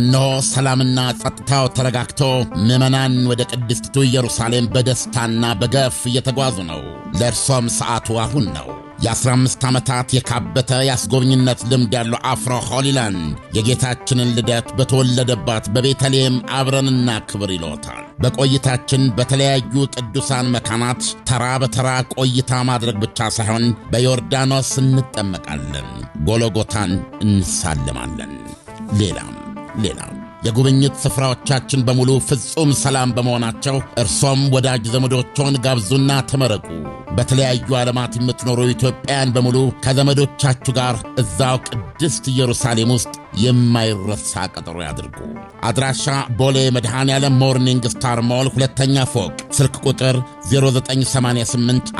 እነሆ ሰላምና ጸጥታው ተረጋግቶ ምዕመናን ወደ ቅድስቲቱ ኢየሩሳሌም በደስታና በገፍ እየተጓዙ ነው። ለእርሶም ሰዓቱ አሁን ነው። የ15 ዓመታት የካበተ የአስጎብኝነት ልምድ ያለው አፍሮ ሆሊላንድ የጌታችንን ልደት በተወለደባት በቤተልሔም አብረንና ክብር ይሎታል። በቆይታችን በተለያዩ ቅዱሳን መካናት ተራ በተራ ቆይታ ማድረግ ብቻ ሳይሆን በዮርዳኖስ እንጠመቃለን፣ ጎሎጎታን እንሳልማለን። ሌላም ሌላው የጉብኝት ስፍራዎቻችን በሙሉ ፍጹም ሰላም በመሆናቸው እርሶም ወዳጅ ዘመዶችዎን ጋብዙና ተመረቁ። በተለያዩ ዓለማት የምትኖሩ ኢትዮጵያውያን በሙሉ ከዘመዶቻችሁ ጋር እዛው ቅድስት ኢየሩሳሌም ውስጥ የማይረሳ ቀጠሮ ያድርጉ። አድራሻ ቦሌ መድኃኔዓለም ሞርኒንግ ስታር ሞል ሁለተኛ ፎቅ፣ ስልክ ቁጥር 0988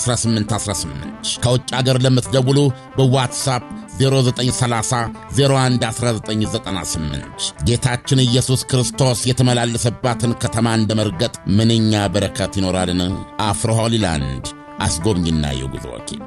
18። ከውጭ አገር ለምትደውሉ በዋትሳፕ 0930 011998 ጌታችን ኢየሱስ ክርስቶስ የተመላለሰባትን ከተማ እንደ መርገጥ ምንኛ በረከት ይኖራልን! አፍሮ ሆሊላንድ አስጎብኝና የጉዞ ወኪል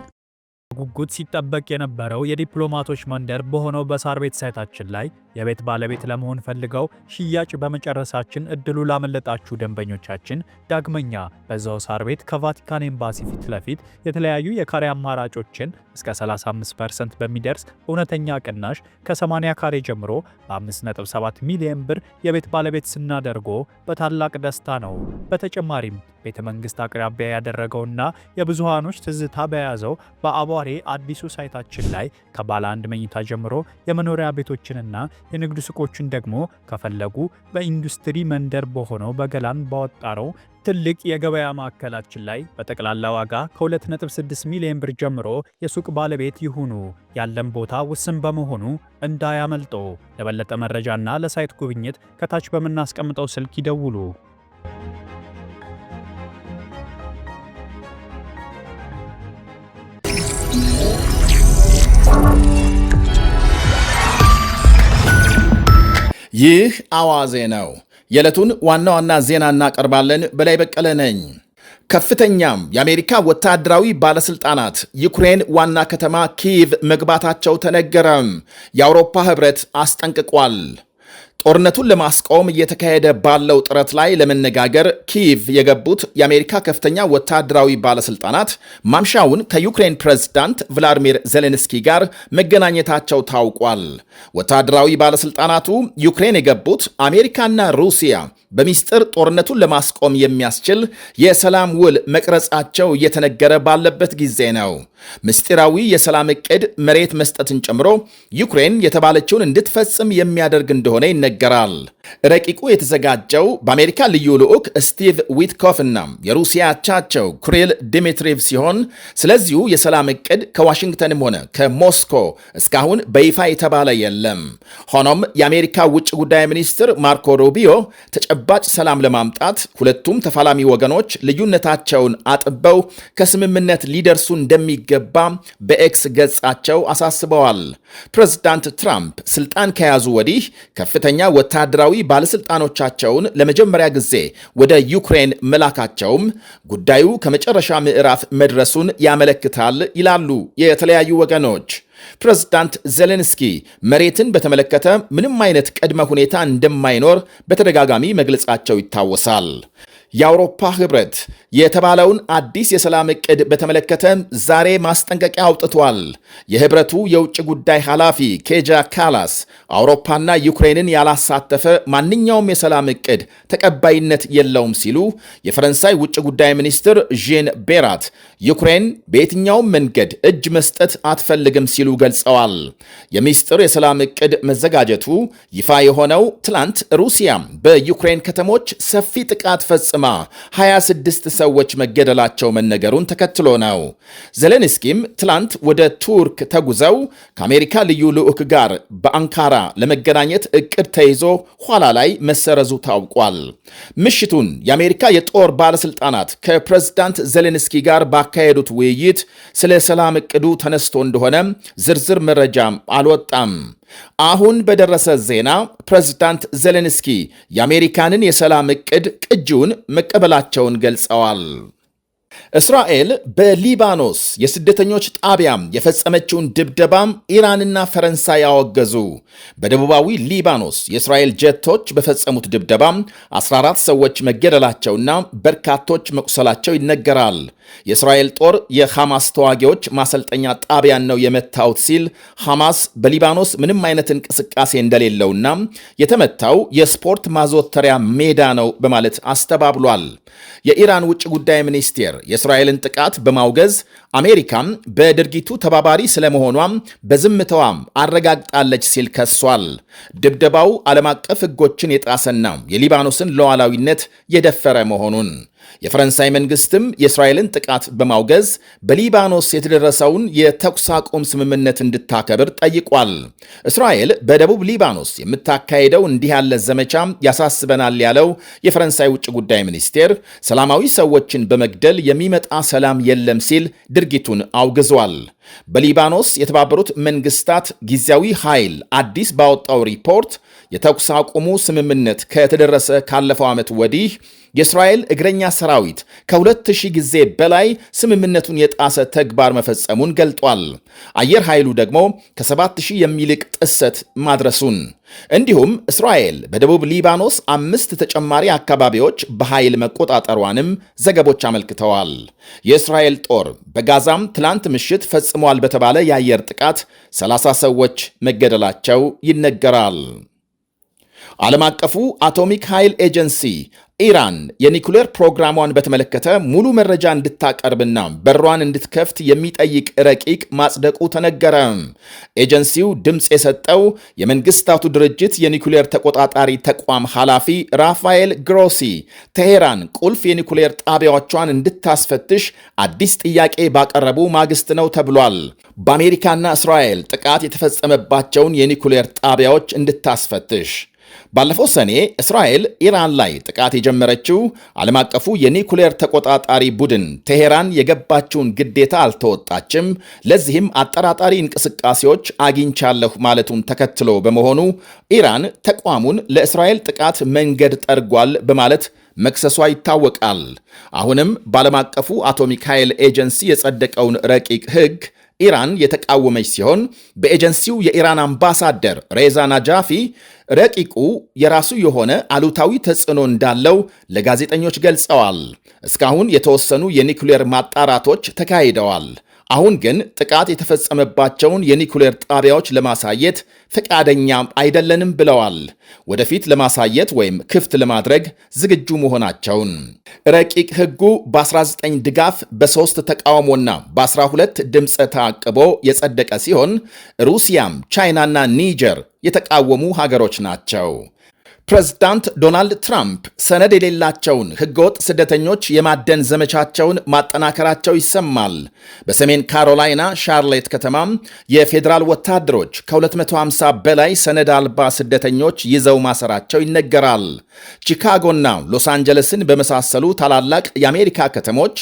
በጉጉት ሲጠበቅ የነበረው የዲፕሎማቶች መንደር በሆነው በሳር ቤት ሳይታችን ላይ የቤት ባለቤት ለመሆን ፈልገው ሽያጭ በመጨረሳችን እድሉ ላመለጣችሁ ደንበኞቻችን ዳግመኛ በዛው ሳር ቤት ከቫቲካን ኤምባሲ ፊት ለፊት የተለያዩ የካሬ አማራጮችን እስከ 35% በሚደርስ እውነተኛ ቅናሽ ከ80 ካሬ ጀምሮ በ5.7 ሚሊዮን ብር የቤት ባለቤት ስናደርጎ በታላቅ ደስታ ነው። በተጨማሪም ቤተ መንግስት አቅራቢያ ያደረገውና የብዙሃኖች ትዝታ በያዘው በአቧ ዛሬ አዲሱ ሳይታችን ላይ ከባለ አንድ መኝታ ጀምሮ የመኖሪያ ቤቶችንና የንግድ ሱቆችን ደግሞ ከፈለጉ በኢንዱስትሪ መንደር በሆነው በገላን ባወጣረው ትልቅ የገበያ ማዕከላችን ላይ በጠቅላላ ዋጋ ከ2.6 ሚሊዮን ብር ጀምሮ የሱቅ ባለቤት ይሁኑ። ያለን ቦታ ውስን በመሆኑ እንዳያመልጦ። ለበለጠ መረጃና ለሳይት ጉብኝት ከታች በምናስቀምጠው ስልክ ይደውሉ። ይህ አዋዜ ነው። የዕለቱን ዋና ዋና ዜና እናቀርባለን። በላይ በቀለ ነኝ። ከፍተኛም የአሜሪካ ወታደራዊ ባለስልጣናት ዩክሬን ዋና ከተማ ኪየቭ መግባታቸው ተነገረም። የአውሮፓ ህብረት አስጠንቅቋል። ጦርነቱን ለማስቆም እየተካሄደ ባለው ጥረት ላይ ለመነጋገር ኪየቭ የገቡት የአሜሪካ ከፍተኛ ወታደራዊ ባለስልጣናት ማምሻውን ከዩክሬን ፕሬዝዳንት ቭላዲሚር ዜሌንስኪ ጋር መገናኘታቸው ታውቋል። ወታደራዊ ባለስልጣናቱ ዩክሬን የገቡት አሜሪካና ሩሲያ በሚስጥር ጦርነቱን ለማስቆም የሚያስችል የሰላም ውል መቅረጻቸው እየተነገረ ባለበት ጊዜ ነው። ምስጢራዊ የሰላም እቅድ መሬት መስጠትን ጨምሮ ዩክሬን የተባለችውን እንድትፈጽም የሚያደርግ እንደሆነ ይነገ ይነገራል። ረቂቁ የተዘጋጀው በአሜሪካ ልዩ ልዑክ ስቲቭ ዊትኮፍ እና የሩሲያ አቻቸው ክሪል ዲሚትሪቭ ሲሆን ስለዚሁ የሰላም እቅድ ከዋሽንግተንም ሆነ ከሞስኮ እስካሁን በይፋ የተባለ የለም። ሆኖም የአሜሪካ ውጭ ጉዳይ ሚኒስትር ማርኮ ሩቢዮ ተጨባጭ ሰላም ለማምጣት ሁለቱም ተፋላሚ ወገኖች ልዩነታቸውን አጥበው ከስምምነት ሊደርሱ እንደሚገባ በኤክስ ገጻቸው አሳስበዋል። ፕሬዚዳንት ትራምፕ ስልጣን ከያዙ ወዲህ ከፍተኛ ወታደራዊ ባለስልጣኖቻቸውን ለመጀመሪያ ጊዜ ወደ ዩክሬን መላካቸውም ጉዳዩ ከመጨረሻ ምዕራፍ መድረሱን ያመለክታል ይላሉ የተለያዩ ወገኖች። ፕሬዝዳንት ዜሌንስኪ መሬትን በተመለከተ ምንም አይነት ቅድመ ሁኔታ እንደማይኖር በተደጋጋሚ መግለጻቸው ይታወሳል። የአውሮፓ ህብረት የተባለውን አዲስ የሰላም እቅድ በተመለከተ ዛሬ ማስጠንቀቂያ አውጥቷል። የህብረቱ የውጭ ጉዳይ ኃላፊ ኬጃ ካላስ አውሮፓና ዩክሬንን ያላሳተፈ ማንኛውም የሰላም ዕቅድ ተቀባይነት የለውም ሲሉ፣ የፈረንሳይ ውጭ ጉዳይ ሚኒስትር ዢን ቤራት ዩክሬን በየትኛውም መንገድ እጅ መስጠት አትፈልግም ሲሉ ገልጸዋል። የሚስጥር የሰላም ዕቅድ መዘጋጀቱ ይፋ የሆነው ትላንት ሩሲያ በዩክሬን ከተሞች ሰፊ ጥቃት ፈጽማ 26 ሰው ሰዎች መገደላቸው መነገሩን ተከትሎ ነው። ዘሌንስኪም ትላንት ወደ ቱርክ ተጉዘው ከአሜሪካ ልዩ ልዑክ ጋር በአንካራ ለመገናኘት እቅድ ተይዞ ኋላ ላይ መሰረዙ ታውቋል። ምሽቱን የአሜሪካ የጦር ባለሥልጣናት ከፕሬዝዳንት ዘሌንስኪ ጋር ባካሄዱት ውይይት ስለ ሰላም እቅዱ ተነስቶ እንደሆነ ዝርዝር መረጃም አልወጣም። አሁን በደረሰ ዜና ፕሬዝዳንት ዜሌንስኪ የአሜሪካንን የሰላም ዕቅድ ቅጂውን መቀበላቸውን ገልጸዋል። እስራኤል በሊባኖስ የስደተኞች ጣቢያም የፈጸመችውን ድብደባም ኢራንና ፈረንሳይ ያወገዙ። በደቡባዊ ሊባኖስ የእስራኤል ጀቶች በፈጸሙት ድብደባም 14 ሰዎች መገደላቸውና በርካቶች መቁሰላቸው ይነገራል። የእስራኤል ጦር የሐማስ ተዋጊዎች ማሰልጠኛ ጣቢያን ነው የመታውት ሲል ሐማስ በሊባኖስ ምንም አይነት እንቅስቃሴ እንደሌለውና የተመታው የስፖርት ማዘወተሪያ ሜዳ ነው በማለት አስተባብሏል። የኢራን ውጭ ጉዳይ ሚኒስቴር የእስራኤልን ጥቃት በማውገዝ አሜሪካም በድርጊቱ ተባባሪ ስለመሆኗም በዝምታዋም አረጋግጣለች ሲል ከሷል። ድብደባው ዓለም አቀፍ ሕጎችን የጣሰና የሊባኖስን ሉዓላዊነት የደፈረ መሆኑን የፈረንሳይ መንግስትም የእስራኤልን ጥቃት በማውገዝ በሊባኖስ የተደረሰውን የተኩስ አቁም ስምምነት እንድታከብር ጠይቋል። እስራኤል በደቡብ ሊባኖስ የምታካሄደው እንዲህ ያለ ዘመቻ ያሳስበናል ያለው የፈረንሳይ ውጭ ጉዳይ ሚኒስቴር ሰላማዊ ሰዎችን በመግደል የሚመጣ ሰላም የለም ሲል ድርጊቱን አውግዟል። በሊባኖስ የተባበሩት መንግስታት ጊዜያዊ ኃይል አዲስ ባወጣው ሪፖርት የተኩስ አቁሙ ስምምነት ከተደረሰ ካለፈው ዓመት ወዲህ የእስራኤል እግረኛ ሰራዊት ከ ሺህ ጊዜ በላይ ስምምነቱን የጣሰ ተግባር መፈጸሙን ገልጧል። አየር ኃይሉ ደግሞ ከ ሺህ የሚልቅ ጥሰት ማድረሱን እንዲሁም እስራኤል በደቡብ ሊባኖስ አምስት ተጨማሪ አካባቢዎች በኃይል መቆጣጠሯንም ዘገቦች አመልክተዋል። የእስራኤል ጦር በጋዛም ትላንት ምሽት ፈጽሟል በተባለ የአየር ጥቃት 30 ሰዎች መገደላቸው ይነገራል። ዓለም አቀፉ አቶሚክ ኃይል ኤጀንሲ ኢራን የኒኩሌር ፕሮግራሟን በተመለከተ ሙሉ መረጃ እንድታቀርብና በሯን እንድትከፍት የሚጠይቅ ረቂቅ ማጽደቁ ተነገረ። ኤጀንሲው ድምፅ የሰጠው የመንግስታቱ ድርጅት የኒኩሌር ተቆጣጣሪ ተቋም ኃላፊ ራፋኤል ግሮሲ ቴሄራን ቁልፍ የኒኩሌር ጣቢያዎቿን እንድታስፈትሽ አዲስ ጥያቄ ባቀረቡ ማግስት ነው ተብሏል። በአሜሪካና እስራኤል ጥቃት የተፈጸመባቸውን የኒኩሌር ጣቢያዎች እንድታስፈትሽ ባለፈው ሰኔ እስራኤል ኢራን ላይ ጥቃት የጀመረችው ዓለም አቀፉ የኒኩሌር ተቆጣጣሪ ቡድን ቴሄራን የገባችውን ግዴታ አልተወጣችም፣ ለዚህም አጠራጣሪ እንቅስቃሴዎች አግኝቻለሁ ማለቱን ተከትሎ በመሆኑ ኢራን ተቋሙን ለእስራኤል ጥቃት መንገድ ጠርጓል በማለት መክሰሷ ይታወቃል። አሁንም በዓለም አቀፉ አቶሚክ ኃይል ኤጀንሲ የጸደቀውን ረቂቅ ሕግ ኢራን የተቃወመች ሲሆን በኤጀንሲው የኢራን አምባሳደር ሬዛ ናጃፊ ረቂቁ የራሱ የሆነ አሉታዊ ተጽዕኖ እንዳለው ለጋዜጠኞች ገልጸዋል። እስካሁን የተወሰኑ የኒውክሌር ማጣራቶች ተካሂደዋል። አሁን ግን ጥቃት የተፈጸመባቸውን የኒኩሌር ጣቢያዎች ለማሳየት ፈቃደኛ አይደለንም ብለዋል። ወደፊት ለማሳየት ወይም ክፍት ለማድረግ ዝግጁ መሆናቸውን ረቂቅ ሕጉ በ19 ድጋፍ በ3 ተቃውሞና በ12 ድምፀ ተአቅቦ የጸደቀ ሲሆን ሩሲያም ቻይናና ኒጀር የተቃወሙ ሀገሮች ናቸው። ፕሬዝዳንት ዶናልድ ትራምፕ ሰነድ የሌላቸውን ህገወጥ ስደተኞች የማደን ዘመቻቸውን ማጠናከራቸው ይሰማል። በሰሜን ካሮላይና ሻርሌት ከተማም የፌዴራል ወታደሮች ከ250 በላይ ሰነድ አልባ ስደተኞች ይዘው ማሰራቸው ይነገራል። ቺካጎና ሎስ አንጀለስን በመሳሰሉ ታላላቅ የአሜሪካ ከተሞች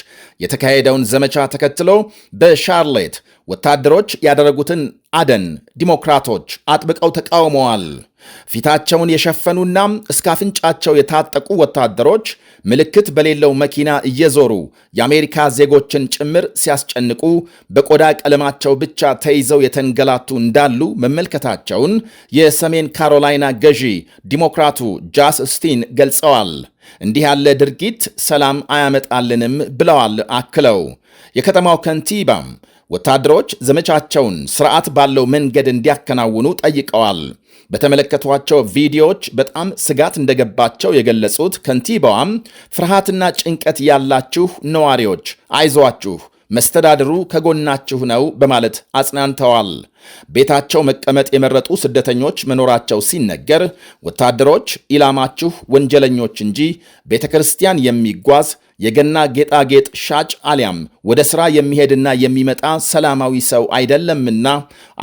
የተካሄደውን ዘመቻ ተከትሎ በሻርሌት ወታደሮች ያደረጉትን አደን ዲሞክራቶች አጥብቀው ተቃውመዋል። ፊታቸውን የሸፈኑና እስከ አፍንጫቸው የታጠቁ ወታደሮች ምልክት በሌለው መኪና እየዞሩ የአሜሪካ ዜጎችን ጭምር ሲያስጨንቁ በቆዳ ቀለማቸው ብቻ ተይዘው የተንገላቱ እንዳሉ መመልከታቸውን የሰሜን ካሮላይና ገዢ ዲሞክራቱ ጃስ ስቲን ገልጸዋል። እንዲህ ያለ ድርጊት ሰላም አያመጣልንም ብለዋል አክለው የከተማው ከንቲባም ወታደሮች ዘመቻቸውን ስርዓት ባለው መንገድ እንዲያከናውኑ ጠይቀዋል። በተመለከቷቸው ቪዲዮዎች በጣም ስጋት እንደገባቸው የገለጹት ከንቲባዋም ፍርሃትና ጭንቀት ያላችሁ ነዋሪዎች አይዟችሁ መስተዳድሩ ከጎናችሁ ነው በማለት አጽናንተዋል። ቤታቸው መቀመጥ የመረጡ ስደተኞች መኖራቸው ሲነገር ወታደሮች ኢላማችሁ ወንጀለኞች እንጂ ቤተ ክርስቲያን የሚጓዝ የገና ጌጣጌጥ ሻጭ አሊያም ወደ ሥራ የሚሄድና የሚመጣ ሰላማዊ ሰው አይደለምና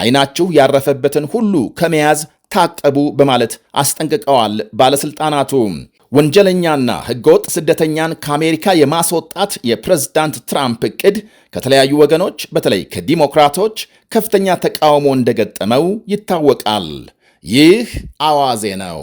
አይናችሁ ያረፈበትን ሁሉ ከመያዝ ታቀቡ በማለት አስጠንቅቀዋል ባለሥልጣናቱ። ወንጀለኛና ህገወጥ ስደተኛን ከአሜሪካ የማስወጣት የፕሬዝዳንት ትራምፕ እቅድ ከተለያዩ ወገኖች በተለይ ከዲሞክራቶች ከፍተኛ ተቃውሞ እንደገጠመው ይታወቃል። ይህ አዋዜ ነው።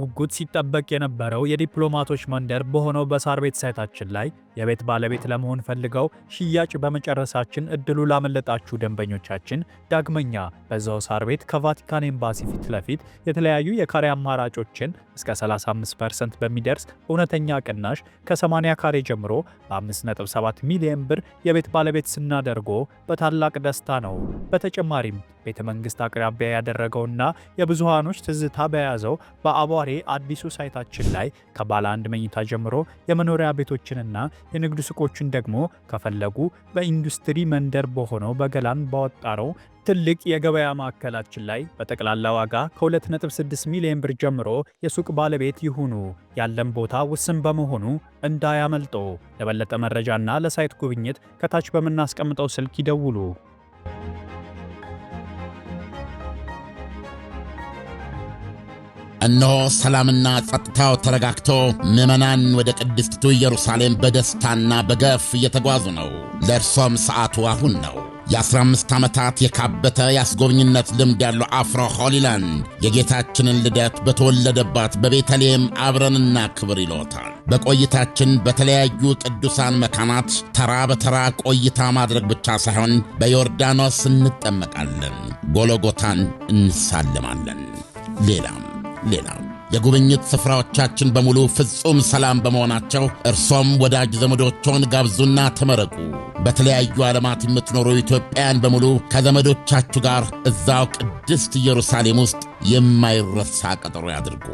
በጉጉት ሲጠበቅ የነበረው የዲፕሎማቶች መንደር በሆነው በሳር ቤት ሳይታችን ላይ የቤት ባለቤት ለመሆን ፈልገው ሽያጭ በመጨረሳችን እድሉ ላመለጣችሁ ደንበኞቻችን ዳግመኛ በዛው ሳር ቤት ከቫቲካን ኤምባሲ ፊት ለፊት የተለያዩ የካሬ አማራጮችን እስከ 35% በሚደርስ እውነተኛ ቅናሽ ከ80 ካሬ ጀምሮ በ5.7 ሚሊዮን ብር የቤት ባለቤት ስናደርጎ በታላቅ ደስታ ነው። በተጨማሪም ቤተ መንግስት አቅራቢያ ያደረገውና የብዙሃኖች ትዝታ በያዘው በአቧሬ አዲሱ ሳይታችን ላይ ከባለ አንድ መኝታ ጀምሮ የመኖሪያ ቤቶችንና የንግድ ሱቆችን ደግሞ ከፈለጉ በኢንዱስትሪ መንደር በሆነው በገላን ባወጣረው ትልቅ የገበያ ማዕከላችን ላይ በጠቅላላ ዋጋ ከ2.6 ሚሊዮን ብር ጀምሮ የሱቅ ባለቤት ይሁኑ። ያለን ቦታ ውስን በመሆኑ እንዳያመልጦ። ለበለጠ መረጃና ለሳይት ጉብኝት ከታች በምናስቀምጠው ስልክ ይደውሉ። እነሆ ሰላምና ጸጥታው ተረጋግቶ ምዕመናን ወደ ቅድስቲቱ ኢየሩሳሌም በደስታና በገፍ እየተጓዙ ነው። ለእርሶም ሰዓቱ አሁን ነው። የ15 ዓመታት የካበተ የአስጎብኝነት ልምድ ያለው አፍሮ ሆሊላንድ የጌታችንን ልደት በተወለደባት በቤተልሔም አብረንና ክብር ይሎታል። በቆይታችን በተለያዩ ቅዱሳን መካናት ተራ በተራ ቆይታ ማድረግ ብቻ ሳይሆን በዮርዳኖስ እንጠመቃለን፣ ጎሎጎታን እንሳልማለን፣ ሌላም ሌላው የጉብኝት ስፍራዎቻችን በሙሉ ፍጹም ሰላም በመሆናቸው እርሶም ወዳጅ ዘመዶችዎን ጋብዙና ተመረቁ። በተለያዩ ዓለማት የምትኖሩ ኢትዮጵያውያን በሙሉ ከዘመዶቻችሁ ጋር እዛው ቅድስት ኢየሩሳሌም ውስጥ የማይረሳ ቀጠሮ ያድርጉ።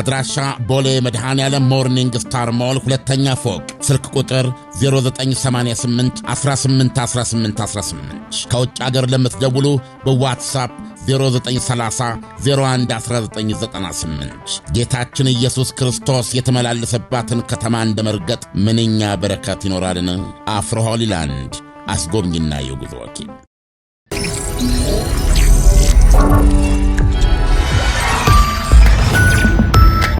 አድራሻ ቦሌ መድኃኔ ዓለም ሞርኒንግ ስታር ሞል ሁለተኛ ፎቅ፣ ስልክ ቁጥር 0988 ከውጭ አገር ለምትደውሉ በዋትሳፕ 0930 011998 ጌታችን ኢየሱስ ክርስቶስ የተመላለሰባትን ከተማ እንደ መርገጥ ምንኛ በረከት ይኖራልን! አፍሮ ሆሊላንድ አስጎብኝና የጉዞ ወኪል